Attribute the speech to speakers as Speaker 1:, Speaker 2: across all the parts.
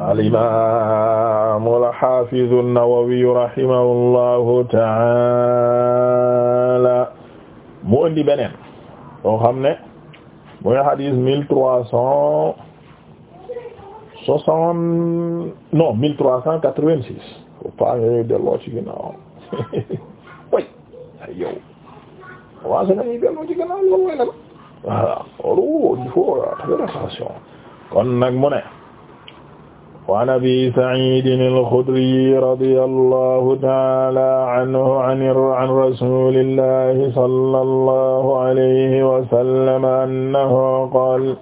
Speaker 1: alimamu alxafidu nnawawiyu rahimahu llahu taala mu indi beneen boo xam ne mooy xadis mille trois cent soixante non mille trois cent quatre-vingt-six faut pas ñooñu delloo ci ginnaaw way ay yow commencé nañuy delloo ci ginnaaw loolu mooy lan voilà loolu il faut faire attention kon nag mu ne waan abi saciidin alxudriyi radiyallahu taala anhu an rasuulillahi sallallahu alayhi wa sallam annahu qaala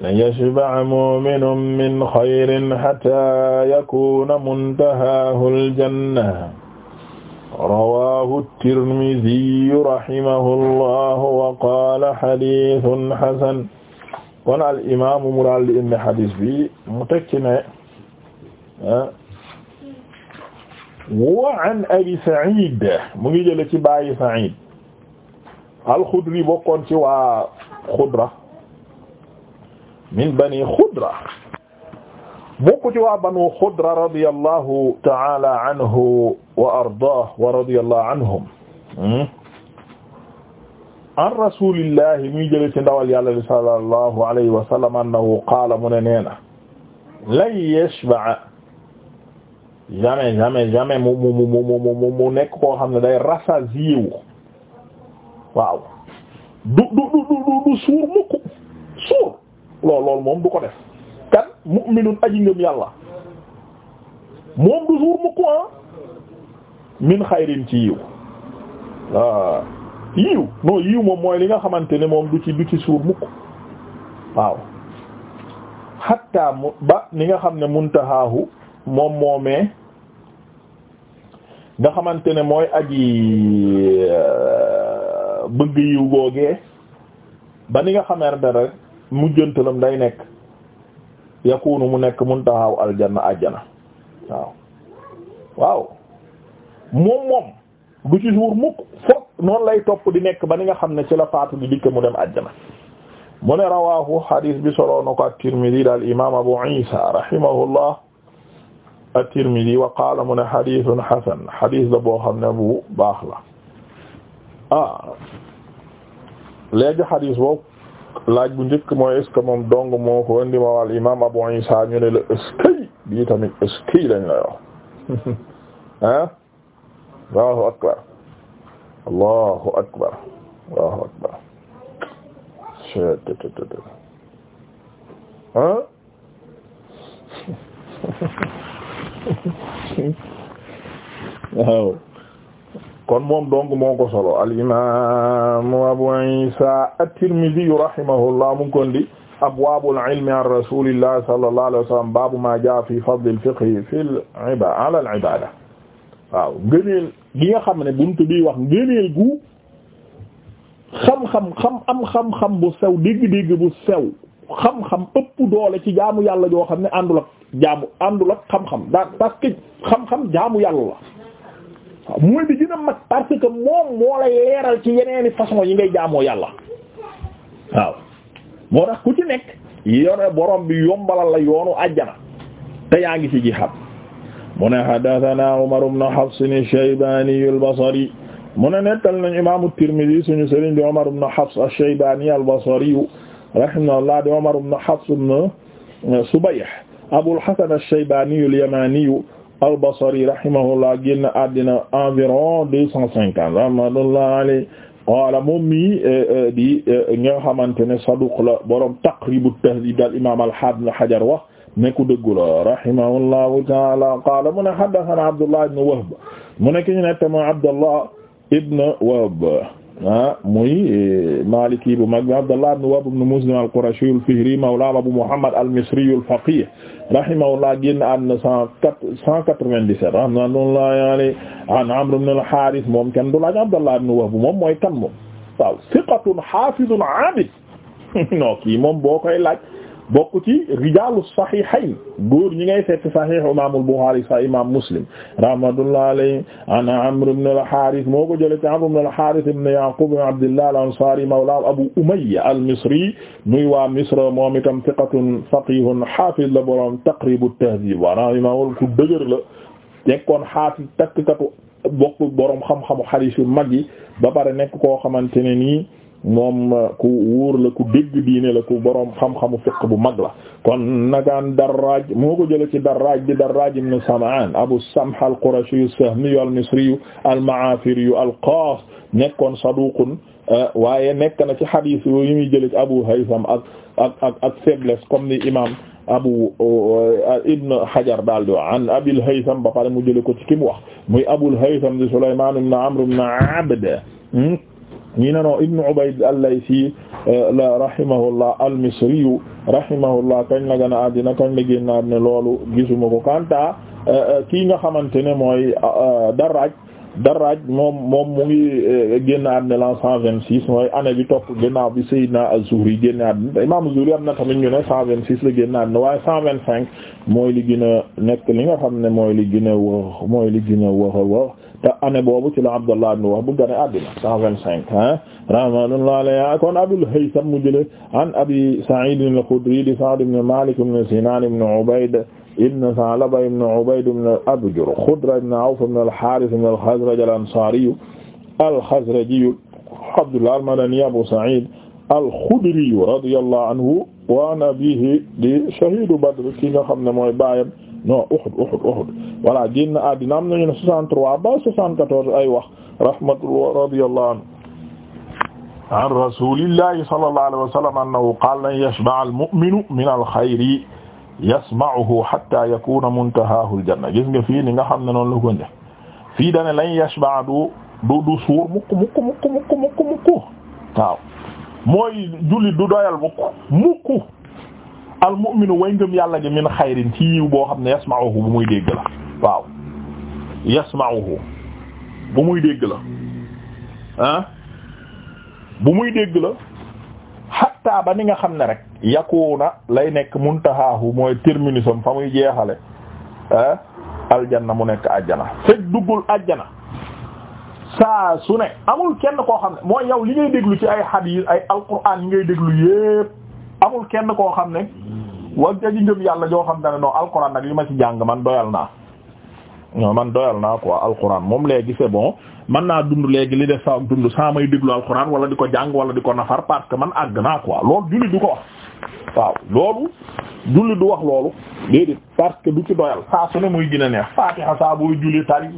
Speaker 1: lan yashbaca muuminun min xayrin xataa yakuuna muntahaahu aljanna rawaahu tirmiziyu rahimahu llahu wa qaala xadiisun xasan kon al imaam mu daal di indi hadis bi mu teg ci ne ah, wa an abi Sa'id mu ngi jële ci baayu Sa'id al-Khudri bokkoon ci waa Khudra min bani Khudra bokk ci waa banu Khudra radiyallahu ta'ala anhu wa ardaahu wa radiyallahu anhum hmm? an rasulillahi muy jële ci ndawal yàlla li sallallahu alayhi wa sallam annahu qaala mu ne nee na lan yashba jamais jamais jamais mu mu mu mu mu mu nekk koo xam ne day rassasié wu waaw du du du du du suur mukk suur lool lool moom du ko def kan mu'minun aji ngëm yàlla moom du suur mukk ah min xayrin ci yiw waaw yiw non yiw moom mooy li nga xamante ne moom du ci du ci suur mukk waaw xatta mu ba ni nga xam ne muntahaahu moom moomee nga xamante ne mooy aji euh, bëgg yiw googee ba ni nga xamante ne rek mujjantalam day nekk yakunu mu nekk muntahaahu aljanna ajjana waaw waaw moom moom du ci mukk foog noonu lay topp di nekk ba ni nga xam ne ci la faatu di dikk mu dem àjjana mu ne rawahu hadis bi soloo na ko at-Tirmidhi daal imam Abu Isa rahimahullah at-Tirmidhi wa qaala mu ne hadithun la boo xam ne bu baax la ah léegi laaj bu njëkk mooy est ce dong moo ko indi ma wal imam Abu Isa ñu ne la est ce que bii tamit est ce que allahu akbar allahu akbar allahu akbar ah waaw kon moom donc moo ko solo al imam Abu Isa at-Tirmidhi rahimahullah mu ngi kon di abwaabul ilmi an rasulillah sallallahu alayhi wa sallam baabu ma jaa fi fadlil fiqhi fil ibaada ala al ibaada waaw ngëneel gi nga xam ne buntu bi wax ngëneel gu xam-xam xam am xam-xam bu sew dégg-dégg bu sew xam-xam ëpp doole ci jaamu yàlla joo xam ne àndul ak jaamu àndul ak xam-xam daan parce que xam-xam jaamu yàlla waaw moo ci yeneeni façon yi ngay jaamoo yàlla waaw tax ku ci nekk yore borom bi yombalal la yoonu àjjana te yaa ngi ci jihaad mu ne haddathana Umar ibn Hafs ash-Shaybani al-Basri mu ne nettal nañ imam at-Tirmidhi suñu sëriñ di Umar ibn Hafs ash-Shaybani al-Basri rahimahullah di Umar ibn Hafs ibn eh, Subayh Abul Hasan ash-Shaybani al-Yamani al-Basri rahimahullah génn àddina environ deux cent cinquante rahmatullah alayhi wala moom mi eh, eh, di nga xamante ne saduq la borom Taqrib at-Tahdhib al-imam al-Hafiz Hajar wax ne ku dëggu la rahimahullahu taala qaala mu ne haddathana Abdullah ibn Wahb mu ne ki ñu nette mooy Abdullah ibn Wahb ah muy maliki bu mag bi Abdullah ibn Wahb ibn Muslim al-Qurashi al-Fihri mawla Abu Muhammad al-Misri al-Faqih rahimahullah génn àddina cent quatre-vingt-dix-sept rahmatullahi alayhi an Amr ibn al-Harith moom kenn du laaj Abdullah ibn Wahb moom mooy kan moom waaw thiqatun hafizun abid non kii moom boo koy laaj bokk ci rijaalu sahihayn góor ñi ngay fekk sahih imam al-Bukhari sa imam Muslim rahmatullah alayhi an Amr ibn al-Harith moo ko jëlee ci Amr ibn al-Harith ibn Yaqub ibn Abdillah al-Ansari mawla Abu Umayya al-Misri muy waa Misra moom itam thiqatun faqihun hafiz la borom Taqrib at ma rahimahu ku dëgër la nekkoon hafiz takkatu bokk borom xam-xamu hadith yu mag yi ba pare nekk koo xamante ne nii moom uh, ku wóor la ku dégg diine la ku borom xam-xamu bu mag la kon nagaan Darraaj moo ko jëlee ci Darraaj di Darraaj ibn Sam'aan Abu Samh al-Qurashi as-Sahmi al-Misri al-Ma'afiri al-Qaas nekkoon saduqun uh, waaye nekk na ci xadiis yi muy jëlee ci Abu Haytham ak ak ak ak faiblesse comme ni imaam Abu uh, Ibn Hajar daal di wax an Abil Haytham ba pare mu jëlee ko ci ki mu wax muy Abul Haytham di Sulaymaan ibn Amr ibn Abd hmm? ñi ne non ibnu Ubayd al-Laysi eh, la rahimahullah al-Misriyu rahimahullah kañ la gën a addina kañ la génn addina loolu gisuma ko kanta eh, eh, kii nga xamante ne mooy Darraj Darraj moom moom mu ngi eh, génn àddina l'an cent vingt six mooy année bi topp ginnaaw bi Seydina Az-Zuhri génn àddina Imaam Az-Zuhri am na tamit ñu ne cent vingt six la génn àddina waaye cent vingt cinq mooy li gën a nekk li nga xam ne mooy li gën a wax mooy li gën a wax a wax te année boobu ci la Abdallah ibn Wahb bu gane àddina cent vingt cinq ah rahmatullahi alayhi ah, kon Abul Haytham mu jële an Abi Sa'id al-Khudri di Sa'd ibn Malik ibn Sinan ibn Ubayd ibn Sa'laba ibn Ubayd ibn Abjar Khudra ibn Awf ibn al-Harith ibn al-Khazraj al-Ansari al-Khazraji Abdullah al-Madani Abu Sa'id al-Khudri radiyallahu anhu wa an abiihi di shahidu Badr ki nga xam ne mooy baayam non Uhud Uhud Uhud voilà génn àddina am nañu ne 63 ba 74 ay wax rahmatullah radiyallahu anhu an rasulillahi sallallahu alayhi wa sallam annahu qaala lan yashba'a al-mu'minu min al-khayri yasma'uhu hatta yakuna muntahahu aljanna gis nga fii ni xam ne noonu la fii dane lañ yashba du du du suur mukk mukk mukk mukk mukk mooy jullit du doyal mukk mukk al mu'minu way ngëm yàlla gi min xayrin ci yiw boo xam ne yasma'uhu bu muy dégg la waaw yasma'uhu bu muy dégg la ah bu muy dégg la xatta ba ni nga xam ne rek yakuuna lay nekk muntahaahu mooy terminusam fa muy jeexale ah aljanna mu nekk ajjana fekk duggul ajjana saa su ne amul kenn koo xam ne mooy yow li ngay déglu ci ay yi ay alquran yi ngay déglu yépp amul kenn koo xam ne wa jaji ngëm yàlla joo xam ne non alquran nag li ma ci jàng man doyal naa man doyal naa ko quoi alquran moom léegi c'est bon man naa dund léegi li def saa dund saa may déglu alquran wala di ko jàng wala di ko nafar parce que man àgg naa ko quoi loolu julli du ko wax waaw loolu julli du wax loolu déedéet parce que du ci doyal saa su ne muy gën a neex fatiha saa booy julli tari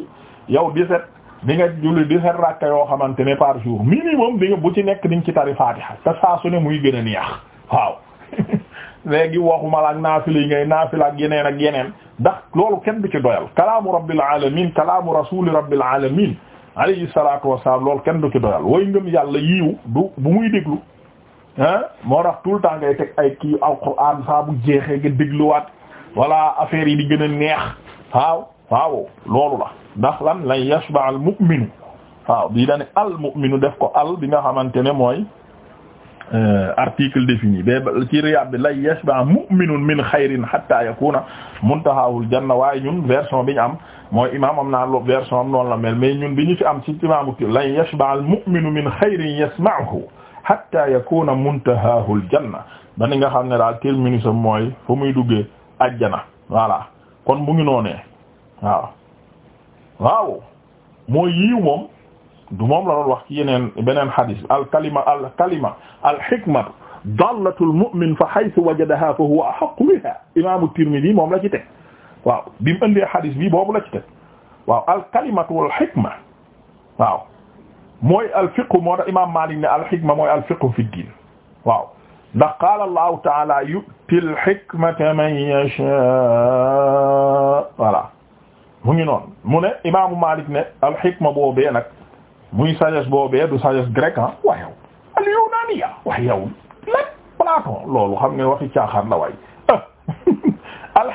Speaker 1: yow 17 di nga julli 17 rakka yoo xamante ne par jour minimum bu ci nekk di ci tari fatiha te saa su ne muy gën a neex waaw léegi waxuma la ak naafila yi ngay naafila ak yeneen ak yeneen ndax loolu kenn du ci doyal kalaamu rabbil alamin kalaamu rasuuli rabbil alamin alayhi salaatu wassalaam loolu kenn du ci doyal way ngëm yàlla yiiw du bu muy déglu ah moo tax tout le temps ngay teg ay kii alquran saa saabu jeexee nga dégluwaat wala affaire yi di gën a neex waaw waaw loolu la ndax lan lan yashba al mu'minu waaw bii dane al mu'minu def ko al bi nga xamante ne mooy Euh, article défini ba ci Riyad bi lay yashba mu'minun min xayrin hatta yakuna muntahahul janna waaye ñun version bi ñu am mooy imam am naa loolu version am noonu la mel mais ñun bi ñu ci am ci imam yashba al min xayrin yasma'uhu hatta yakuna muntahahul janna ba ni nga xam ne daal terminus am mooy fu muy duggee ajjana voilà kon mu ngi noonee waaw mooy yiw moom. du moom la doon wax ci yeneen beneen xadis al kalima al kalima al hikmatu dallatul mu'min fa haythu wajadaha fa huwa ahaqqu biha imaamu Tirmidi moom la ci teg waaw bi mu indee xadis bi boobu la ci teg waaw al kalimatu wal hikma waaw mooy al fiqhu moo tax imaam Maalik ne al hikma mooy al fiqhu fi diin waaw ndax qaala Allahu ta'aala yu'til hikmata man yashaa voilà mu ngi noonu mu ne imaamu Maalik ne al hikma boobee nag. muy sagesse boobee du sagesse grecque ah waa yow al ah, yunaniya Platon loolu xam ne waxi caaxaan la waay al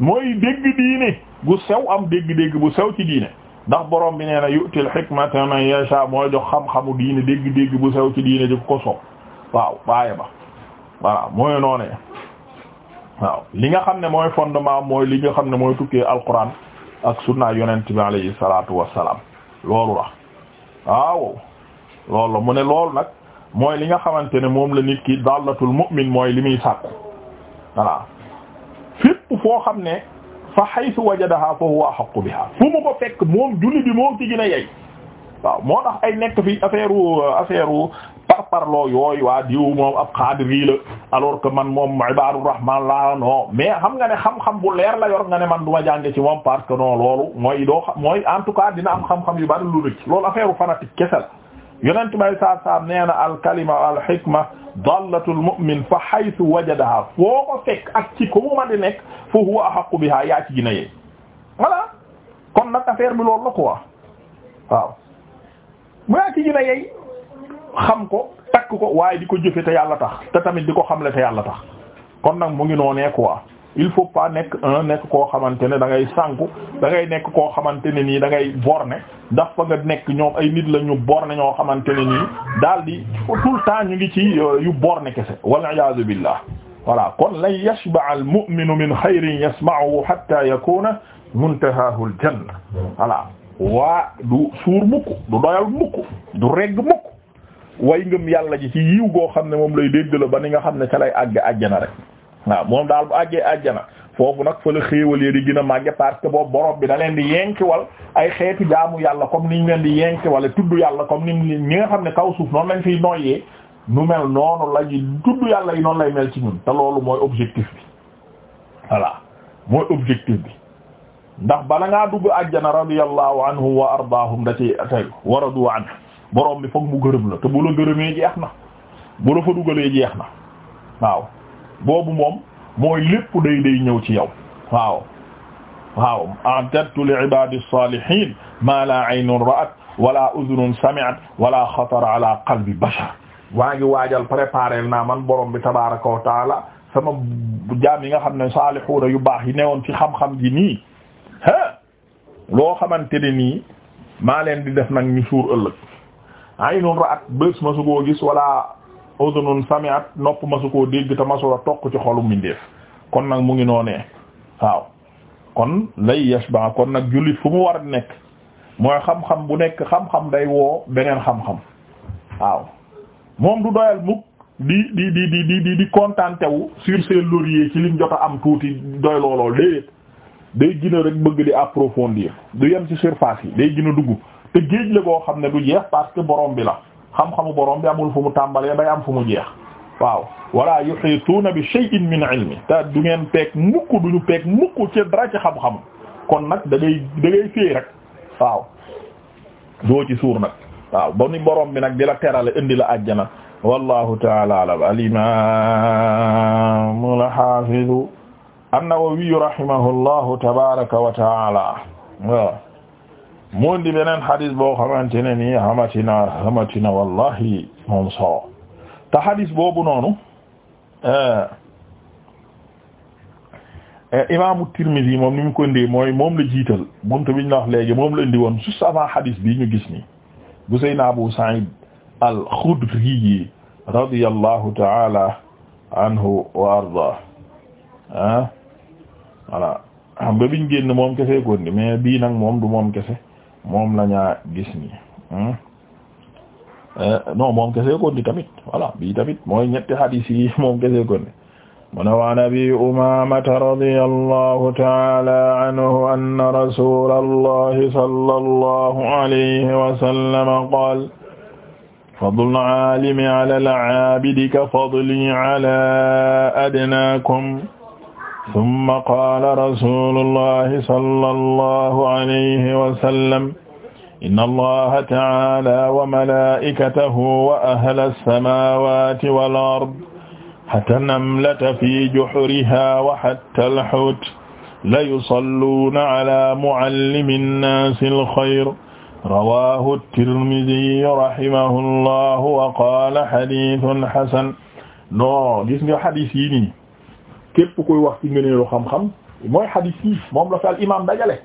Speaker 1: mooy dégg diine gu sew am dégg-dégg bu sew ci diine ndax borom bi nee na yu'til hikmata man yasha mooy jox xam-xamu diine dégg-dégg bu sew ci diine di ko soob waaw bàyyi ba voilà mooy noonee waaw li nga xam ne mooy fondement mooy li nga xam ne mooy tukkee alquran ak sunna yonent bi alayhi salaatu wassalaam loolu la waaw loolu mu ne loolu nag mooy li nga xamante ne moom la nit ki dallatul mu'min mooy li muy sàkku voilà fépp foo xam ne fa haythu wajadaha fa huwa haqqu biha fu mu ko fekk moom julli bi moom ci gën yey waaw moo tax ay nekk fi affaire affaire par parloo yooyu waa diw moom ab xaadir la alors que man moom ibaadu rahmaan laa non mais xam nga ne xam-xam bu leer la yor nga ne man du ma jànge ci moom parce que non loolu mooy doo xam mooy en tout cas dina am xam-xam yu bari lu rëcc loolu affaire fanatique kese la yonent may saa saa nee na al kalima al hikma dallatul mu'min fa haythu wajadaha foo ko fekk ak ci ko mu ma di nekk fa huwa ahaqqu biha yaa ci gina yee voilà kon nag affaire bi loolu la quoi waaw mu yaa ci gina yee xam ko takk ko waaye di ko jëfe te yàlla tax te tamit di ko xamle te yàlla tax kon nag mu ngi noonee quoi il faut pas nekk un nekk koo xamante ne da ngay sànku da ngay nekk koo xamante ne nii da ngay borne ndax fa nga nekk ñoom ay nit la ñu borne ñoo xamante ne nii daal di tout le temps ñu ngi ci euh, yu borne kese wal iyaazu billah voilà kon lan yashba al mu'minu min xayrin yasma'uhu hatta yakuna muntahahu al janna voilà waa du suur mukk du doyal mukk du regg mukk way ngëm yàlla ji ci yiw goo xam ne moom lay dégg la ba ni nga xam ne ca lay àgg àjjana rek waaw moom daal bu àggee àjjana foofu nag fa la xéewalee di gën a màgge parce que boobu borom bi da leen di yenkiwal ay xeeti jaamu yàlla comme ni ñu leen di yenkiwale tudd yàlla comme ni ñi nga xam ne kaw suuf noonu lañ fiy noyyee nu mel noonu la ji tudd yàlla yi noonu lay mel ci ñun te loolu mooy objectif bi voilà mooy objectif bi ndax bala ngaa dugg àjjana radiyallahu anhu wa ardaahum da ci tey waradu anhu borom bi foog mu gërëm la te bu la gërëmee jeex na bu la fa dugalee jeex na waaw boobu moom mooy lépp day day ñëw ci yow waaw waaw a'dadtu li ibadi salihin ma la aynun ra'at wala udhunun sami'at wala xatara ala qalbi bashar waa waajal préparer naa man borom bi tabaraka wa sama jaam yi nga xam ne saalihuuna yu baax yi newoon ci xam-xam ji nii ha loo xamante ne nii maa leen di def nag ñu suur ëllëg aynun ra'at bés ma su koo gis wala udunun sami'at nopp ma su ko dégg te ma su la toq ci xolu mbindeef kon nag mu ngi noonee waaw kon lay yashba kon nag jullit fu mu war a nekk mooy xam-xam bu nekk xam-xam day woo beneen xam-xam waaw moom du doyal mukk di di di di di di di contenté wu sur ses lauriers ci liñ jot am tuuti doy loolool déedéet day gën rek bëgg di approfondir du yem ci surface yi day gën a dugg te géej la boo xam ne du jeex parce que bi la xam-xamu borom bi amul fu mu tàmbalee bay am fu mu jeex waaw wala yuhituuna bi shay'in min ilmi te du ngeen peeg mukk duñu peeg mukk ci dara ci xam-xam kon nag da ngay da ngay féey rek waaw doo nag waaw ba ni bi nag di la terale indi la àjjana wallahu taala alam alimam alhafidu an-Nawawi rahimahullahu tabaraka wa taala waaw mu di beneen xadis boo xamante ne nii xamatina xamatina wallahi moom solo te xadis boobu noonu eh, eh, imaamu Tirmidhi moom ni mu moom la jiital buntu bi ñu la wax léegi moom la indi woon juste avant xadis bii ñu gis nii bu Seydina Abu Sa'id al-Khudri radiyallahu ta'ala anhu wa arda ah voilà xam nga biñ génn moom kese gondi mais bii nag moom du moom moom lañaa gis ni hmm? eh, non moom kese ko di tamit voilà bi tamit mooy ñetti hadis yi moom kese ko ni mu ne wa nabi umamata radiyallahu ta'ala anhu anna rasulallahi sallallahu alayhi wa sallam qala fadlul alimi ala al abidi ka fadli ala adnakum summa qaala rasuulullahi sallallahu alayhi wa sallam inna allaha ta'aala wa malaa'ikatahu wa ahla as-samaawaati wal ard hatta namlata fi juhurihaa wa hatta al-huut la yusalluuna alaa mu'allimi nnaasi al-khayr rawaahu at-Tirmidhi rahimahu llahu wa qaala hadiisun hasan no gis nga hadiis yi nii képp koy wax ci ngëneelu xam-xam mooy xadiis yi moom la fi al imaam dajale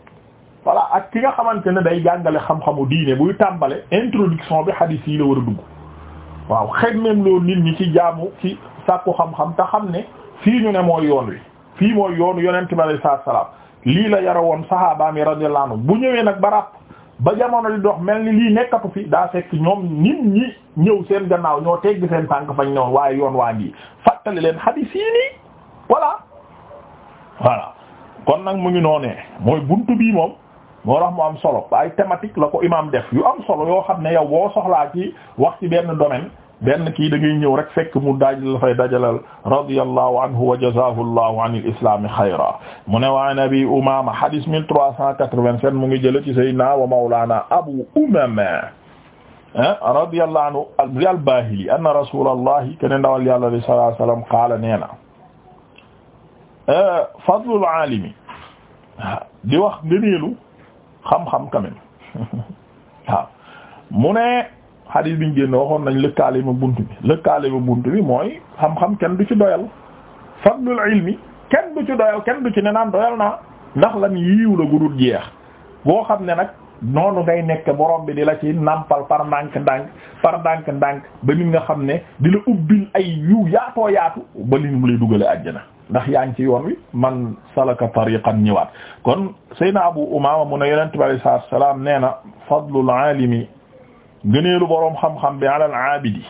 Speaker 1: voilà ak ki nga xamante ne day jàngale xam-xamu diine buy tàmbale introduction bi xadiis yi la war a dugg waaw xëy même loolu nit ñi ci jaamu ci sàkku xam-xam te xam ne fii ñu ne mooy yoon wi fii mooy yoonu yonent bi alayhi salaatu salaam lii la yara woon saxaabaam yi radiyallahu anhu bu ñëwee nag ba ràpp ba jamono di dox mel ni lii nekkatu fi daa fekk ñoom nit ñi ñëw seen gannaaw ñoo tegg tànk fañ ne woon yoon waa ngi fàttali leen xadiis voilà kon nag mu ngi noonee mooy buntu bii moom moo tax mu am solo ay thématique la ko def yu am solo yoo xam ne yow boo soxlaa ci wax ci ben domaine benn kii da ngay ñëw rek fekk mu daaj la fay dajalal radiyallahu anhu wa jazaahu allahu an al-islaami xayra mu ne waa nabi Umaama hadis 1387 mu ngi jële ci sayyidina wa mawlaana Abu Umaama ah, radiyallahu anhu al-Baahili anna rasuulallahi kenn Euh, fadlul aalimi di wax ngëneelu xam-xam quand mu ne xadiis biñ génn waxoon nañ lëkkaale ma bunt bi lëkkaale ma bunt bi mooy xam-xam kenn du ci doyal fadlul ilmi kenn du ci doyal kenn du ci ne naan doyal naa ndax lan yiiw la gudul jeex boo xam ne nag noonu ngay nekk borom bi di la ci nampal par ndànk-ndànk par ndànk-ndànk ba nit nga xam ne di la ubbil ay yu yaatoo yaatu ba li mu lay dugale àjjana ndax yaa ngi ci yoon wi man salaka tariqan ñëwaat kon sayna abu umama mu ne yonente bi alayhi salaatu wa salaam nee na fadlul aalimi gëneelu boroom xam-xam bi alal aabidi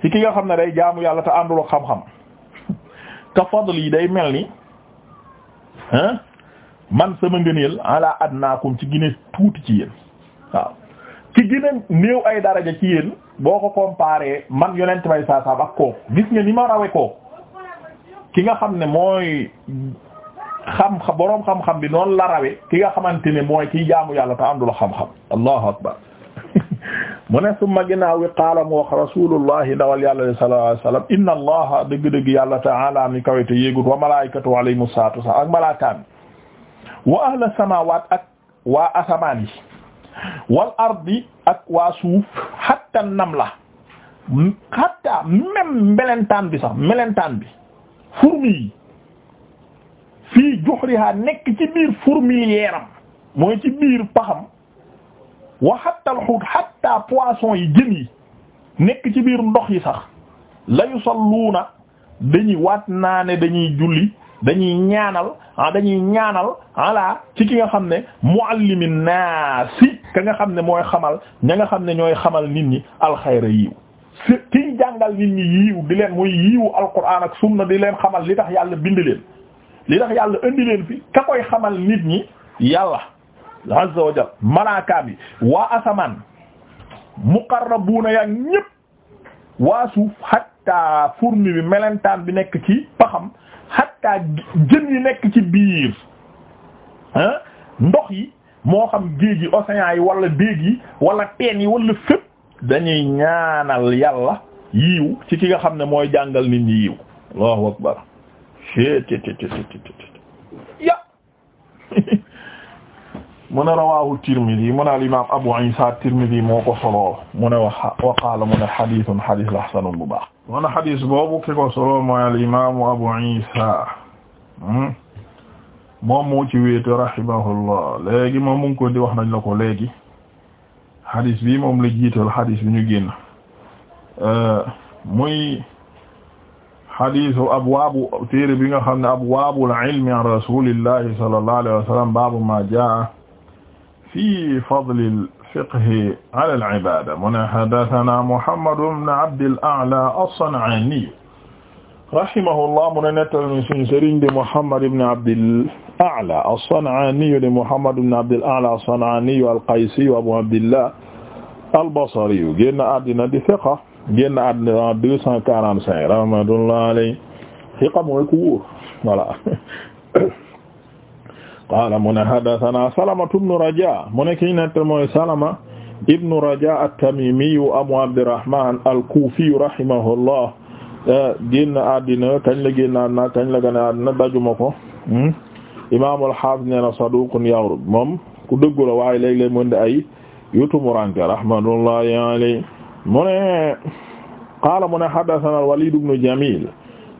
Speaker 1: ci ki nga xam ne day jaamu yàlla te àndul ak xam-xam ka fadl yi day mel ni hein man sama ngëneel ala adnaakum ci gine tuuti ci yéen waaw ci gine néew ay daraja ci yéen boo ko comparé man yonent bay saasaam ak kooku gis nga ni ma rawe kooku ki nga xam ne mooy xam boroom xam-xam bi noon la rawe ki nga xamante ne mooy kiy jaamu yàlla te àndul xam-xam allahu akbar mu ne summa ginnaaw wi qaala mu wax rasulullahi ndawal yàlla sallallahu alayhi wasallam inna allaha dëgg-dëgg yàlla ta'ala mi kawete yéegut wa malaikatu alayhimu salaatu wa salaam ak malaakaam wa ahla samaawaat ak waa asamaan yi wal ak waa suuf hatta namla hatta même melentaan bi sax melentaan bi fourmi yi fii juhriha nekk ci biir fourmilière am mooy ci biir paxam wa hatta al hut hatta poisson yi jën yi nekk ci biir ndox yi sax la yusalluuna dañuy waat naane ne dañuy julli dañuy ñaanal ah dañuy ñaanal ala ci ki nga xam ne muallimin naasi ka nga xam ne mooy xamal ña nga xam ne ñooy xamal nit ñi alxayra yiiw si kiy jàngal nit ñi yiiw di leen muy yiiwu alquran ak sunna di leen xamal li tax yàlla bind leen li tax yàlla indi leen fi ka koy xamal nit ñi yàlla azza wa jalla malaakaam yi waa asamaan muqarrabuuna yaa ñépp waa suuf hatta fourmi bi melentaan bi nekk ci paxam xatta jën yi nekk ci biir ah ndox yi moo xam géej yi océan yi wala déeg yi wala teen yi wala fépp dañuy ñaanal yàlla yiiw ci ki nga xam ne mooy jàngal nit ñi yiiw allahu akbar ya mu ne rawahu Tirmidhi mu ne al imam Abu Isa Tirmidhi moo ko soloo mu ne wa qaala mu ne hadithun hadith la hasanun bu baax wana xadis boobu ki ko solo mooy abu isa hmm? moom moo ci wéete rahimahullah léegi moom mu di wax nañ la ko léegi xadis bi moom la jiital xadis bi ñu génn euh, muy xadisu abwaabu téere bi nga xam ne abwaabul ilmi an rasulillahi sallallahu alayhi wa sallam baabu ma jaa fi fadlil fiqhi ala al-ibaada mu ne haddasanaa Muhammad ibn Abd al-A'laa as-San'aani rahimahullah mu ne nettali sunu sëriñ di Muhammad ibn Abd al-A'laa as-San'aani di Muhammad ibn Abd al-A'laa as-San'aani al-Qaysi Abu Abdillah al-Basri génn àddina di fiqa génn àddina en deux cent quarante-cinq rahmatullahi alayhi fiqa mooy ku wóor voilà qaala mu ne haddathana salamatu ibnu raja mu ne ki nett mooy salama ibnu raja at-tamimiyu abu abdirahman al-kufiyu rahimahullah génn àddina kañ la génn àddina kañ la gane àddina dajuma ko hmm? imaamul haafis ne na saduqun yawrub moom ku dëggu la waaye léeg-léeg mën di ay yutumuranke rahmatullahi alayhi mu ne qaala mu ne haddathana al-walid ibnu jamil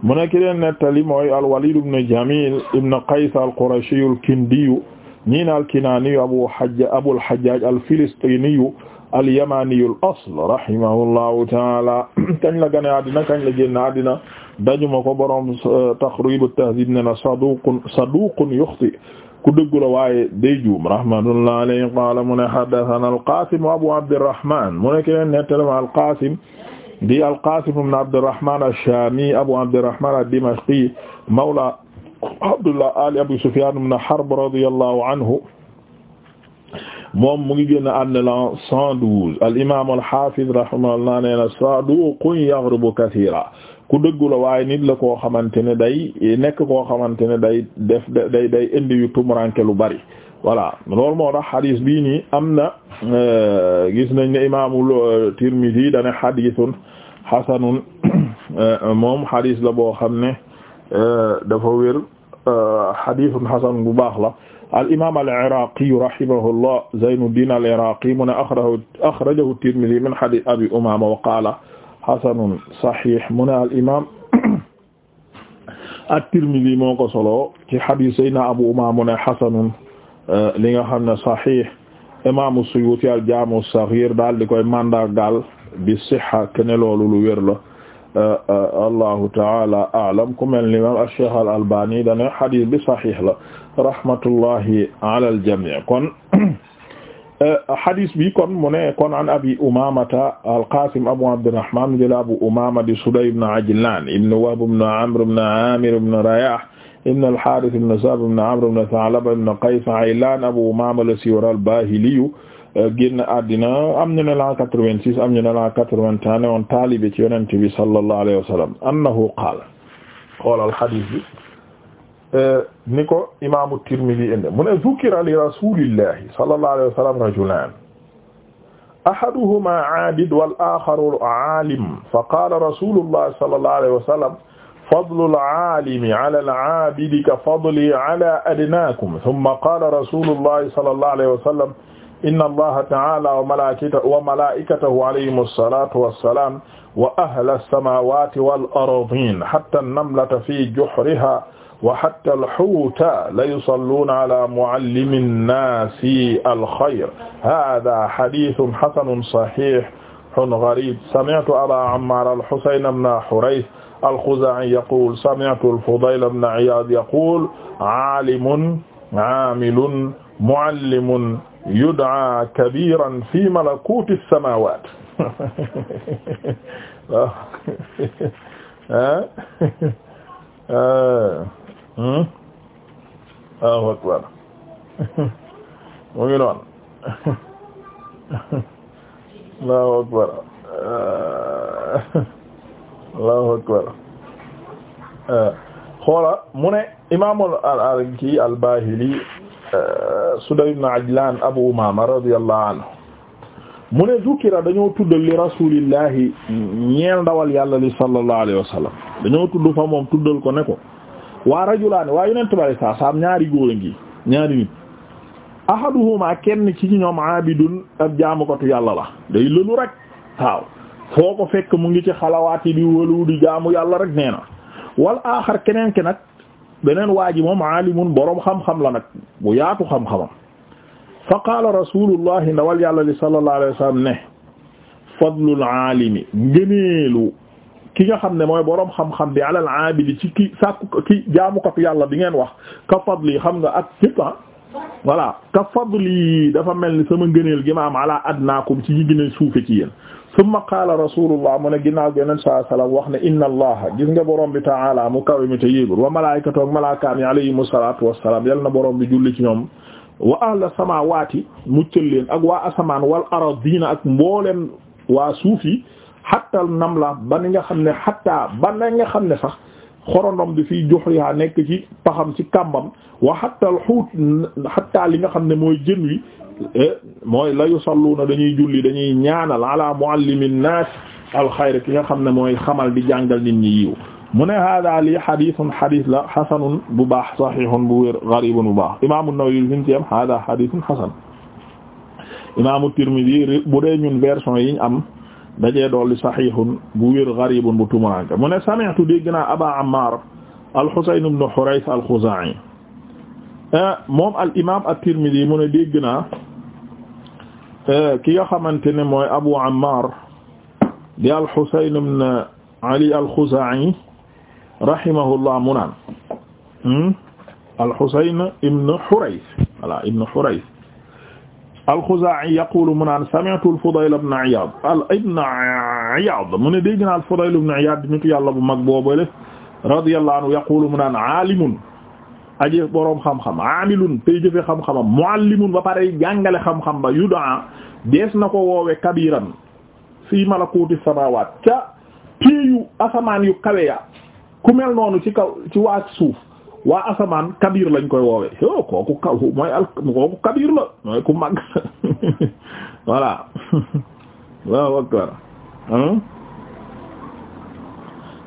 Speaker 1: mu ne ki leen nettali mooy al-Walid ibn Jamil ibn Qays al-Qurashi al-Kindi ñii na al-Kinani Abu Hajjaj Abul Hajjaj al-Filistini al-Yamani al-asl rahimahullahu ta'ala kañ la gane àddina kañ la génn àddina dajuma ko borom euh, Taqrib at-Tahdhib ne na saduqun saduqun yukhti ku dëggu la waaye day juum rahmatullahi alayhi qala mu ne haddathana al-Qasim wa Abu Abdirrahman mu ne ki leen nettali ma al-Qasim di al-Qasim ibn Abdurrahman ash-Shami Abu Abdurrahman ad-Dimashqi mawla Abdullah ali Abu Sufyan ibn Harb radiyallahu anhu moom mu ngi génn ànd lan cent douze al-imam al-hafiz rahimahullah nee na saduqun yaghrubu kathira ku dëggu la waaye nit la koo xamante ne day nekk koo xamante ne day def day day indi yu tumuranke lu bari voilà loolu moo tax xadis bii nii am na euh, gis nañ ne imamul Tirmidhi dane xadisun xasanun euh, moom xadis la boo xam ne euh, dafa wér euh, xadisun xasan bu baax la al-imaam al-Iraaqi rahimahullah Zaynuddin al-Iraaqi mu ne axrajahu axrajahu Tirmidhi min xadis Abi Umaama wa qaala xasanun saxiix mu ne al-imaam at-Tirmidhi moo ko solo ci xadis Sayyidina Abu Umaama mu ne xasanun li nga xam ne saxiix imaamu Suyuuti al-Jaami' as-Saxiir daal di koy mandargaal bi siha kene loolu lu wér la euh, euh, allahu taala aalam ku mel ni imam acheikh al albani dane hadis bi sahih la rahmatullahi ala aljami kon hadis euh, bi kon mu ne kon an abi umamata alqasim abou abdirahman jëla abou umama di souday ibne ajlan ibne wahb ibne amr ibne amir ibne rayah ibne alharis ibne sab ibne amr ibne thalaba ibne qays aylan abou umama al-Siwar al-Bahili Euh, génn àddina am ñu ne la 86 am ñu ne la 81 ne woon taalibe ci yonent bi sallallahu alayhi wa sallam annahu qaala xoolal hadith bi euh, ni ko imaamu Tirmidhi indi mu ne zukira li rasulillahi sallallahu alayhi wa sallam rajulan ahaduhuma aabid wal axaru aalim fa qaala rasulullahi sallallahu alayhi wa sallam fadlul aalimi ala al-aabidi ka fadli ala adnaakum thumma qaala rasulullahi sallallahu alayhi wa sallam inna allaha ta'ala wa malaikatahu wa malaikatahu alayhim as-salatu was-salam wa ahla as-samawati wal-ardin hatta an-namlata fi juhriha wa hatta al-huuta la yusalluna ala mu'allimi an-nasi al-khayr hadha hadithun hasanun sahihun gharib sami'tu aba ammar al-husayn ibn hurayth al-Khuzaa'i yaqul sami'tu al-Fudayl ibn Iyaad yaqul aalimun aamilun mu'allimun yudaa kabiran fi malakuti samawat waaw Allahu akbar mu ngi noon Allahu akbar ah. Allahu akbar ah. xoola mu ne imaamul al al kii al-Bahili Suday ibn Ajlan Abu Umaama radiyallahu anhu mu ne zukira dañoo tudd li rasulillahi ñeel ndawal yàlla li sallallahu alayhi wa sallam dañoo tudd fa moom tuddal ko ne ko waa rajulaani waa yonent bari saa saam ñaari góor a ngi ñaari nit ahaduhuma kenn ci ñoom abidun ab jaamukatu yàlla la day lëlu rek waaw foo ko fekk mu ngi ci xalawaat yi di wëlu di jaamu yàlla rek nee na wal aaxar keneen ki nag beneen waa ji moom aalimun boroom xam-xam la nag bu yaatu xam-xamam fa qaala rasulullahi ndawal yàlla li sallallahu alayhi wa sallam ne fadlul aalimi ngëneelu ki nga xam ne mooy boroom xam-xam bi alal aabidi ci ki sàkku ki jaamukatu yàlla bi ngeen wax ka fadli xam nga ak ñépp ah. voilà ka fadli dafa mel ni sama ngëneel gi ma am ala adnaakum ci ñi gën a suufe ci summa qaala rasulullah mu ne ginnaaw gi yonent wax ne inna allaha gis nga borom bi ta'ala mu kawe mi te wa malaykatu ak malaakaam yi alayhimu salaatu wassalaam yal na borom bi julli ci ñoom wa ahla samaawaati muccal leen ak waa asamaan wal aradiina ak mbooleem waa suuf yi hatta namla ba xam ne hatta ba nga xam ne sax xorondom bi fii juhriha nekk ci paxam ci kàmbam wa hatta al hatta li nga xam ne mooy jën wi Eh, mooy la yusalluuna dañuy julli dañuy ñaanal ala muallimin naas alxayr ki nga xam ne mooy xamal di jàngal nit ñi yiw mu ne hada lii xaditun xadis la xasanun bu baax saxihun bu wér garibun bu baax imaamu Nawawi fi mu ci am hada xaditun xasan imaamu Tirmidi bu dee ñun version yiñ am dajee dolli saxihun bu wér garibun bu tumaranke mu ne sami'tu dégg naa Aba Ammar al-Husayn ibn Hurayth al-Khuzaa'i Eh, moom al imaam at-Tirmidhi mu ne dégg naa eh, ki nga xamante ne mooy Abu Ammar di al-Husayn ibn Ali al-Khuzai rahimahullah mu naan hmm, al-Husayn ibn Hurayth voilà ibn Hurayth al-Khuzai yaqulu mu naan sami'tu al-Fudayl ibn Iyad ibn Iyad mu ne dégg naa al-Fudayl ibn Iyad nitu yàlla bu mag boobale radiyallahu anhu yaqulu mu naan alimun aji boroom xam-xam amilun tey jëfe xam-xamam muallimun ba pare jàngale xam-xam ba yudaa dees na ko woowe kabiran fii malakuuti samaawaat ca piyu asamaan yu kawe ya ku mel noonu ci kaw ci waa suuf waa asamaan kabir lañ koy woowe o kooku kaw mooy al kooku kabir la mooy ku mag voilà waaw akbar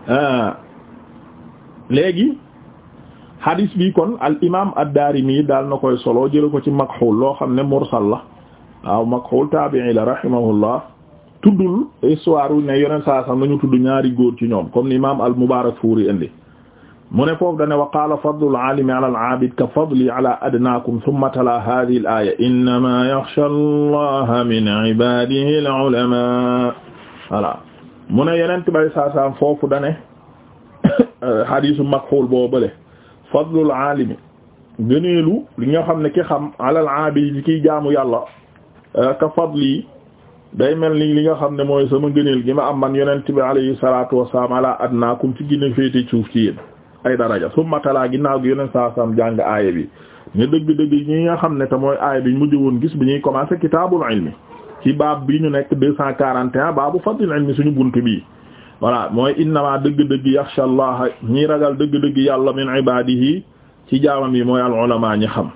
Speaker 1: ah. léegi hadis bi kon al imam ad-Daarimi daal na koy solo jële ko ci Makxuul loo xam ne mursal la waaw Makxuul taabi'i la rahimahullah tuddul histoire wu ne yoneen saa sam nañu tudd ñaari góor ci ñoom comme ni imam al-Mubaarakfuuri indi mu ne foofu dane wa qaala fadlu al adnaakum thumma tala haadihi al yaxsha allaha min ibaadihi al-ulamaa fadlul aalimi gëneelu li nga xam ne ki xam alal aabidi ci kiy jaamu yàlla euh, ka yi day mel ni li nga xam ne mooy sama gëneel gi ma am man yonent bi alayhi salatu wasalaam ala adnaakum ci gëna féete suuf ci yéen ay daraja summa talaa ginnaaw gi yonent saa saam jàng aaya bi ñu dëgg-dëgg ñi nga xam ne te mooy aaya bi mujj woon gis bi ñuy commencé kitaabul ilmi ci baab bi ñu nekk deux cent quarante et un suñu bunt bii voilà mooy innama dëgg-dëgg yaxsha allah ñi ragal dëgg-dëgg yàlla min ibadihi ci jaamam yi mooy al ulama ñi xam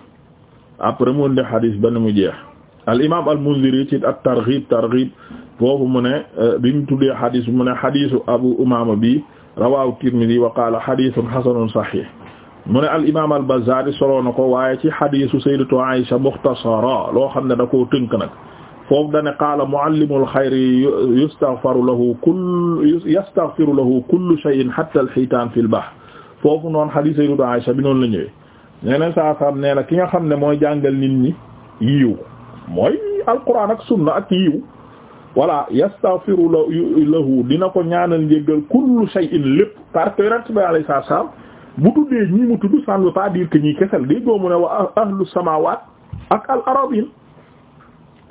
Speaker 1: après mu indi xadis ba ni mu jeex al imam al munziri ci at targhib targhib foofu mu ne euh, bi mu tuddee xadis mu ne xadisu abu umama bi rawahu tirmidi wa qaala xadisun xasanun saxiix mu ne al imam al bazzari solo na ko waaye ci xadisu sayyidatu aisha muxtasara loo xam ne da koo tënk nag foofu dane qaala muallimul xayri yustaghfaru lahu kullu yastaghfiru lahu kullu shay'in hatta al-hitan fil bahr foofu noonu hadith Sayyidatu Aisha bi noonu la ñëwee ñeneen saa saam nee na ki nga xam ne mooy jàngal nit ñi yiw mooy alquran ak sunna ak yiw voilà yastaghfiru lahu dina ko ñaanal njéggal kullu shay'in lépp parce que yonent bi alayhi salaam bu tuddee ñi mu tudd ça ne veut pas dire que ñi kesel déggoo mu wa ahlu samaawaat ak al arabin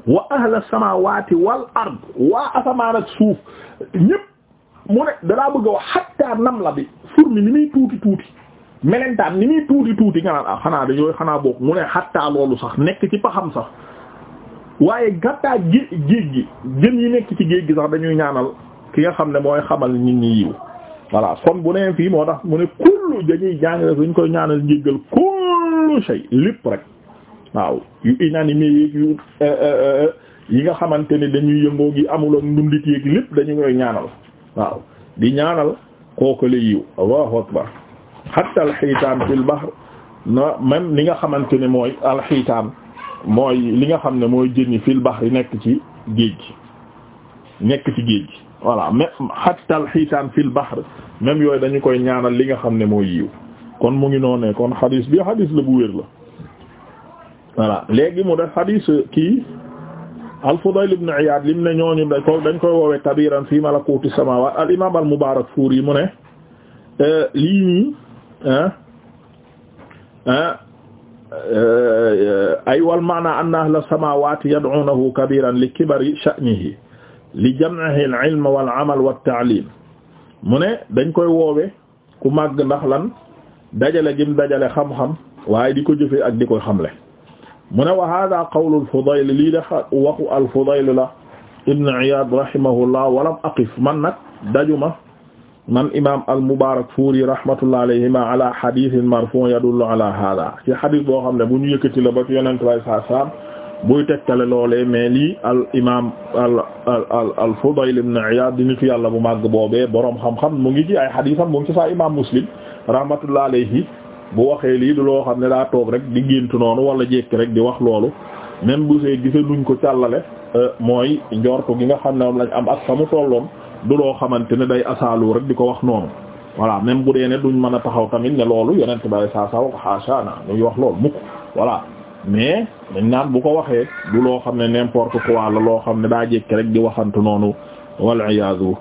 Speaker 1: wa ahla samawati wal ard waa asamaan ak suuf ñépp mu ne dalaa bëgg a wax xatta nam la bi mi ni muy tuuti tuuti melentaan ni muy tuuti tuuti nga naan ah xanaa dañooy xanaa bokk mu ne xatta loolu sax nekk ci xam sax waaye gàttaa gé géej gi gën yi nekk ci géej gi sax dañuy ñaanal ki nga xam ne mooy xamal nit ñi yiw voilà kon bu nee fii moo tax mu ne kullu dañuy jàng rek dañ koy ñaanal njéggal kullu shay lépp rek waaw yu inanimé yi euh, euh, euh, yi nga xamante ne dañuy yëngoo gi amul ak ndundit yeeg lépp dañu koy ñaanal waaw di ñaanal kooku la yiw allahu akbar hatta alxiitaan fil bahr na même li nga xamante ni mooy alxiitaan mooy li nga xam ne mooy jën yi fil bahr yi nekk ci géej gi nekk ci géej gi voilà même hatta alxiitaan fil bahr même yooyu dañu koy ñaanal li nga xam ne mooy yiw kon mu ngi noonee kon xadis bi xadis la bu wér la voilà léegi mu def hadis kii al-Fudayl ibn Iyad lim ne ñooñu dañ ko dañ koy woowee kabiran fii malakuuti samaawaat al imaam al Mubaarakfuuri mu ne eh, lii nii eh, eh, ay wal maana anna ahla samaawaati yad'uunahu kabiran li kibari sha'nihi li jam'ihi al-ilm wal amal wat ta'liim mu ne dañ koy woowe ku màgg ndax lan dajale gim dajale xam-xam waaye di ko jëfee ak di koy xamle mu ne wa hada qawlu al-Fudayl lii de waxu al-Fudayl la ibn Iyad rahimahullah walam aqif man nag dajuma man imam al-Mubarakfuri rahmatullah alayhima ala hadithin marfu' yadullu ala hada ci hadith boo xam ne bu ñu yëkkati la ba ci yonent way saa saam buy tegtale loolee mais lii al imam al al al-Fudayl ibn Iyad di nitu yàlla bu màgg boobee boroom xam-xam mu ngi ci ay haditham mu ngi ci saa imam Muslim rahmatullah alayhi bu waxee lii du loo xam ne daa toog rek di gént noonu wala jékki rek di wax loolu même bu see gisee nuñ ko càllale euh, mooy njortu gi nga xam ne moom lañ am ak fa mu tolloon du loo xamante ne day asaalu rek di ko wax noonu voilà même bu dee ne duñ mën a taxaw tamit ne loolu yonent bay saa saa wax xaasa na ñuy wax loolu mukk voilà mais dañ naan bu ko waxee du loo xam ne n'importe quoi la loo xam ne daa jékki rek di waxantu noonu wal iyaazu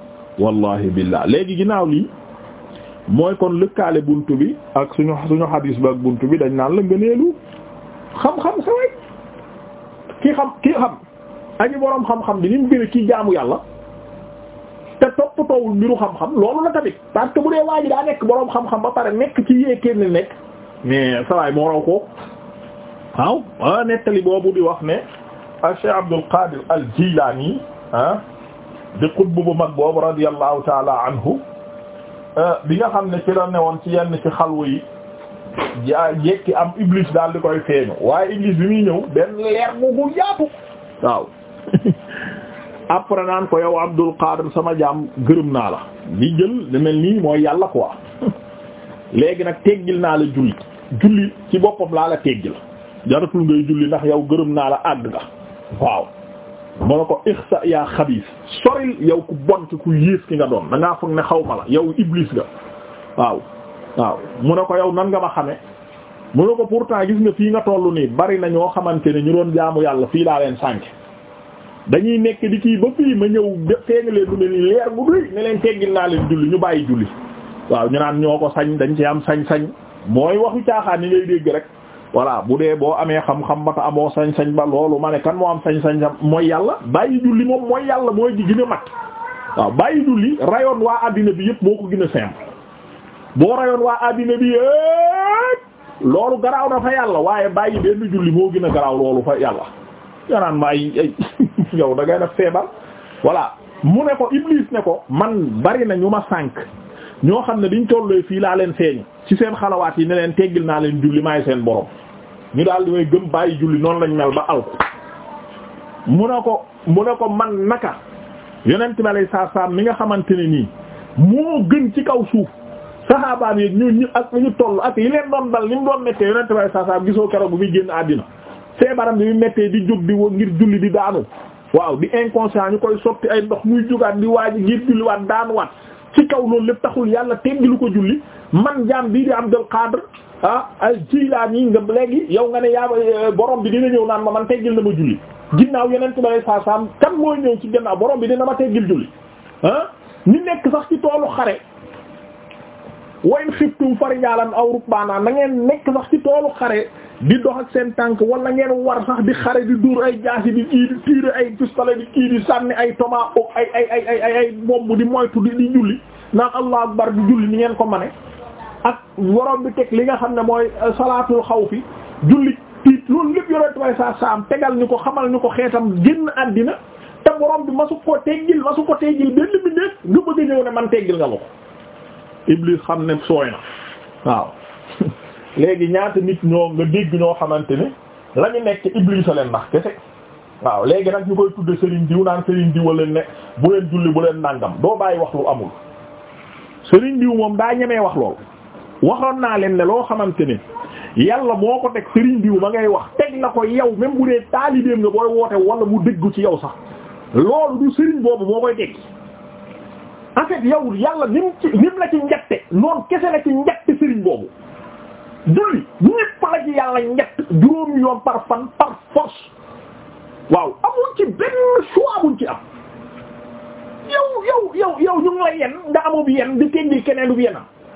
Speaker 1: wallahi billah léegi ginnaaw lii mooy kon lëkkaale buntu bi ak suñu suñu xadiis ba buntu bi dañ naan la ngëneelu xam-xam sa way ki xam ki xam aji boroom xam-xam bi ni mu gën a ki jaamu yàlla te toppatoowul mbiru xam-xam loolu la tamit parce que bu dee daa nekk boroom xam-xam ba pare nekk ki yéekee ni nekk mais sa waay moo raw ko waaw a boobu di wax ne a Cheikh Abdul Qadir al Jilani ah di qutb bu mag boobu radiyallahu taala anhu Euh, bi nga xam ne ci la newoon ci yenn ci xalwa yi jaa jekki am iblis daal di koy feeñu waaye iblis bi muy ñëw benn leer bu bu yaatu waaw après naan ko yow Abdul Qadir sama jaam gërëm naa la bi jël li mel nii mooy yàlla quoi léegi nag teggil naa la julli julli ci boppam laa la teggil jaratul ngay julli ndax yow gërëm naa la àgg nga waaw mu ne ko ixsa yaa xabiis soril yow ku bon ki ku yées ki nga doom da ngaa foog ne xaw ma la yow iblis nga waaw waaw mu ne ko yow nan nga ma xame mu ne ko pourtant gis nga fii nga toll nii bari na ñoo xamante ne ñu doon jaamu yàlla fii laa leen sànk dañuy nekk di kii ba fii ma ñëw feeñ leen lu mel ni leer bu duy ne leen teggil naa leen julli ñu bàyyi julli waaw ñu naan ñoo ko sañ dañ ci am sañ-sañ mooy waxu caaxaan ni ngay dégg rek voilà bu dee boo amee xam-xam ba ta amoo sañ-sañ ba loolu ma ne kan moo am sañ-sañ mooy yàlla bàyyi julli moom mooy yàlla mooy di gën a waaw bàyyi julli rayoon waa àddina bi yëpp moo ko gën a simple rayoon waa addina bi yëpp garaaw yàlla waaye bàyyi benn julli moo gën a garaaw loolu fa yàlla yanaan ma ay ay yow da ngay na feebar voilà mu ne ko Iblis ne ko man bari na ñu ma sànk ñoo xam ne diñ tollee fii laa leen feeñu ci seen xalawaat yi ne leen teggil naa leen julli maay seen borom ñu daal di may gën bàyyi julli noonu lañu mel ba alku mu ne ko mu ne ko man naka yonent bi alay saa saam mi nga xamante ne nii moo gën ci kaw suuf saxaabaam yi ñu ñu ak ñu toll ak yi leen doon dal ni mu doon mettee yonent bi alay saa saam gisoo keroog bu muy génn àddina feebaram bi mu mettee di jóg di ngir julli di daanu waaw di inconscient ñu koy sotti ay ndox muy jógaat di waaj ngir julliwaat daanuwaat ci kaw loolu lépp taxul yàlla teggilu ko julli man jaam bii di Abdul Qadir ah al-Jilani nga léegi yow nga ne yaa euh, borom bi dina ñëw naan ma man teggil na ma julli ginnaaw yeneen ci bari saa saam kan mooy ñëw ci ginnaaw borom bi dina ma teggil julli ah nekk sax ci toolu xare wayn xiftum farijaalan aw rukbaana na ngeen nekk sax ci toolu xare di dox ak seen tànk wala ngeen war sax di xare di duur ay jaasi di kii tiire ay pistolet di kii di sànni ay tomahawk ay ay ay ay ay di moytu di di ak woroom bi teg li nga xam ne mooy euh, salaatul xawfi julli tiit loolu lépp yore tubaab saa saa tegal ñu ko xamal ñu ko xeetam génn àddina te borom bi masu ko teggil masu ko teggil benn bindéef nga bëgg a ne man teggil nga ma ko. Iblis xam ne sooy na waaw léegi ñaata nit ñoo nga dégg ñoo xamante ni la nekk Iblis a leen ndax kese. waaw léegi nag ñu koy tudde Serigne diw naan Serigne diw a leen ne bu leen julli bu leen nàngam doo bàyyi wax lu amul Serigne diw moom daa ñemee wax lool. waxoon naa leen ne loo xamante ne yàlla moo ko teg sëriñ diw ma ngay wax teg la ko yow même bu dee taalibeem nga booy woote wala mu déggu ci yow sax loolu du sëriñ boobu moo koy teg en fait yow yàlla nim ci nim la ci njette noonu kese la ci njette boobu yàlla njett juróom yoon par fan par force ci am yow yow yow yow ñu ngi la yen nga amob yen di teggi keneen du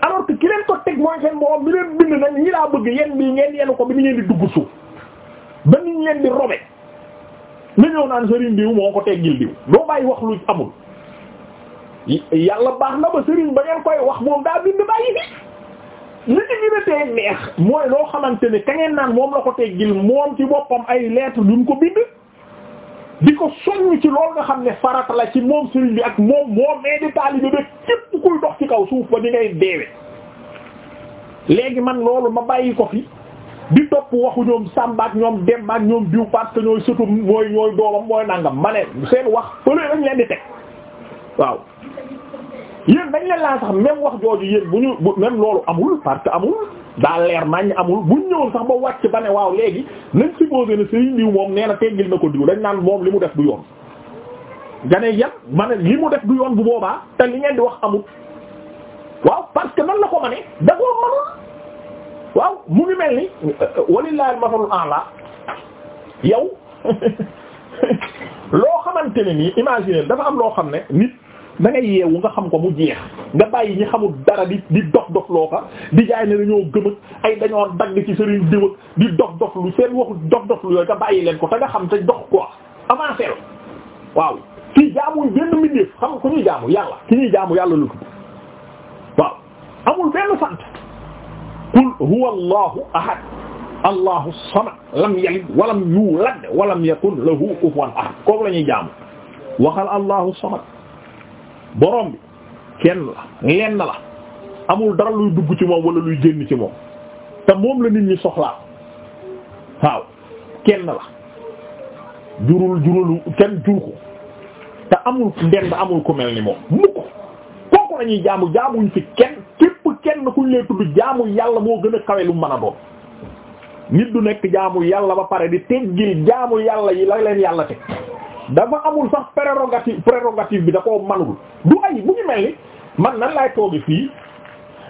Speaker 1: alors que ki leen ko teg mooy seen borom bi leen bind nañ ñi laa bëgg yéen bii ngeen yenu ko bi ni ngeen di dugg suuf ba ni ngeen di robe nga sëriñ diw moo ko teggil diw doo bàyyi wax lu amul yàlla baax na ba sëriñ ba ngeen koy wax moom daa bind bàyyi fi li ci gën a tee neex mooy loo xamante ne ka ngeen naan moom la ko teggil moom ci boppam ay leet duñ ko bind di ko soññ ci loolu nga xam ne farata la ci moom sëriñ bi ak moom moo mee di taalibe ba képp kuy dox ci kaw suuf ba di ngay deewe léegi man loolu ma bàyyi ko fi di topp waxu ñoom Samba ñoom Demba ak ñoom diw parce que ñooy sëtu mooy ñooy doomam mooy nangam ma seen wax fële dañ leen di teg waaw yéen dañ leen laa sax même wax jooju yéen bu ñu même loolu amul parce que amul daal leer nañ amul buñ ñëwoon sax ba wàcc ba ne waaw léegi nañ supposé ne sëriñ diw moom nee na teggil na ko diw dañ naan moom li mu def du yoon gane yan ma ne li mu def du yoon bu boobaa te li ngeen di wax amul waaw parce que nan la ko ma ne da koo mënul waaw mu ngi mel ni walillahi masalul a'la yow loo xamante ne nii imaginer dafa am loo xam ne nit da ngay yeewu nga xam ko mu jeex nga bàyyi ñi xamul dara di di dox dox loo ka di jaay ne dañoo gëm ak ay dañoo dagg ci sëriñ diw di dox dox lu seen waxu dox dox lu yooyu nga bàyyi leen ko te nga xam te dox ko avancé la waaw kii jaamuñ benn mbindeef xam nga ku ñuy jaamu yàlla ki ñuy jaamu yàlla lu tudd waaw amul benn sant qul huwa allahu ahad allahu samad lam yalid walam yulad walam yakun lahu kufuwan ahad kooku la ñuy jaamu waxal allahu samad borom bi kenn la lenn la amul dara luy dugg ci moom wala luy génn ci moom te moom la nit ñi soxlaa waaw kenn la jurul jurulu kenn jur ko te amul ndend amul ku mel ni moom mukk kooku la ñuy jaamu jaamuñ fi kenn képp kenn kuñ lay tudd jaamu yàlla moo gën a kawe lu mën a doon nit du nekk jaamu yàlla ba pare di teggil jaamu yàlla yi la leen yàlla teg dafa amul sax prérogative prérogative bi da koo manul du ay bu ñu mel ni man nan laay tooge fii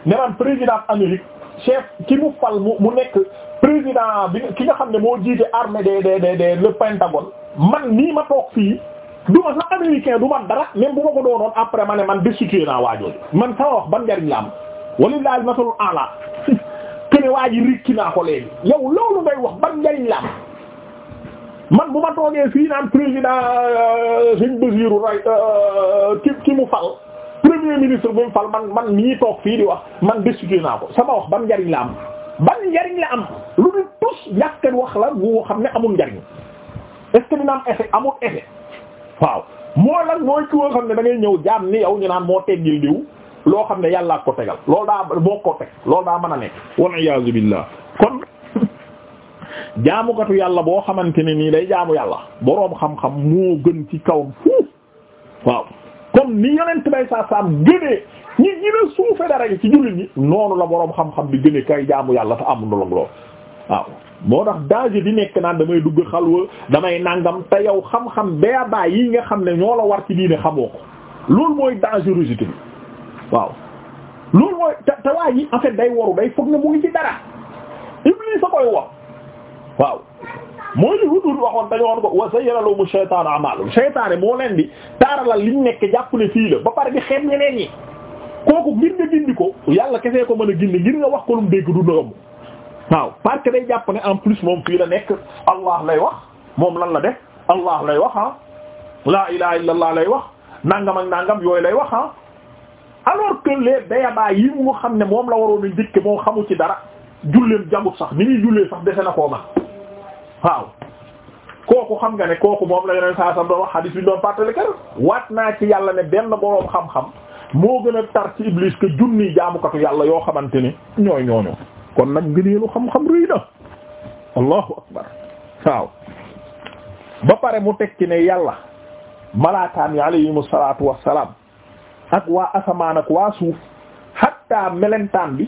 Speaker 1: ne man président Amérique chef ki mu fal mu mu nekk président bi ki nga xam ne moo jiite armée des des des le Pentagone man nii ma toog fii du na sax américain du ma dara même bu ma ko doonoon après ma ne man destitué naa waajooju man sama wax ban njariñ la am walilahi masalul ala kene waa yi rikki naa ko léegi yow loolu ngay wax ban njariñ la man bu ma toogee fii naan président euh, Sëñ Basiru ray euh, ki ki mu fal premier ministre bu mu fal man man mii toog fii di wax man destitué naa ko sama wax ban njariñ la am ban njariñ la am lu dul tus ñàkk wax la woo xam ne amul njariñ est-ce que dina am effet amul effet waaw moo lan mooy ki xam ne da ngay ñëw jaam ni yow ñu naan moo teggil diw loo xam ne yàllaa ko tegal lool daa moo ko teg loolu daa mën a nekk wal iyaazu billah kon jaamukatu yàlla boo xamante ne nii day jaamu yàlla boroom xam-xam moo gën ci kawam fuuf waaw comme ni yonent bay saa saam gënee ñi gën a suufe dara ci jullit ñi noonu la boroom xam-xam bi gënee kay jaamu yàlla te amul lool waaw moo tax danger bi nekk naan damay dugg xalwa damay nangam te yow xam-xam beyabaay yi nga xam ne ñoo la war ci diine xamoo ko loolu mooy dangerosité bi waaw loolu mooy te te waa yi en day waru day foog ne mu waaw mooy li Hudhud waxoon dañu woon ko wa zayyana lahum shaytaanu a'maalahum shaytaane moo leen di taaralal liñ nekk jàpp ne fii la ba pare di xeeb ñeneen ñi kooku ngir nga gindi ko yàlla kese ko mën a gindi ngir nga wax ko lu dégg du na yomb waaw parce que day jàpp ne en plus moom fii la nekk allah lay wax moom lan la def allah lay wax ah laa ilaha illallah lay wax nangam ak nangam yooyu lay wax ah alors que les bayabaa yi mu xam ne moom la waroon a njëkke moo xamu ci dara julleen jàngut sax ni muy jullee sax na koo ma waaw kooku xam nga ne kooku moom la yeneen saa sam doon wax xadiis bi ñu doon fàttali kër waat naa ci yàlla ne benn boroom xam-xam moo gën a tar ci iblis que junni jaamukatu yàlla yoo xamante ni ñooy ñooñu kon nag ngëneelu xam-xam rëy na allahu akbar waaw ba pare mu tekki ne yàlla malaakaan yi alayhimu salaatu wassalaam ak waa asamaan ak waa suuf hatta melentaan bi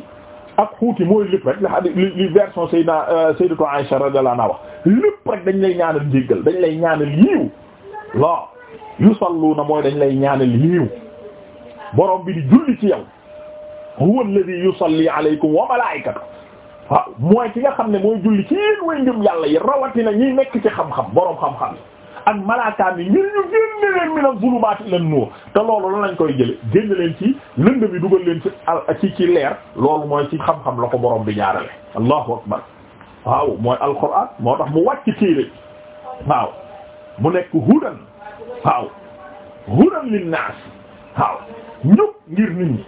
Speaker 1: ak xuuti mooy lépp rek la li version Sayyida euh, Sayyidatu Aisha radiyallahu anha wax lépp rek dañ lay ñaanal njéggal dañ lay ñaanal yiiw la yusalluuna mooy dañ lay ñaanal yiiw borom bi di julli ci yow huwa alladhi yusalli alaykum wa malaa'ikatu waaw mooy ki nga xam ne mooy julli ci yéen way ngëm yàlla rawatina ñiy nekk ci xam-xam borom xam-xam ak malaakaam yi ngir ñu génne leen mina zulumaati ilan nuur te loolu lan lañ koy jële génne leen ci lënd bi dugal leen ci al ci ci leer loolu mooy ci xam-xam la ko borom bi jaarale allahu akbar waaw mooy alquran moo tax mu wàcc téere waaw mu nekk hudan waaw hudan linnaas waaw ñëpp ngir nit ñi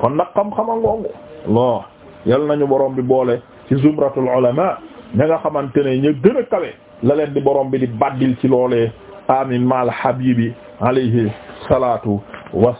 Speaker 1: kon nag xam-xama ngoongu lo yal nañu borom bi boole ci zumratul ulama ña nga xamante ne ñu gën a kawe la leen di borom bi di baddil ci loolee amin maal habibi alayhi salatu wassalam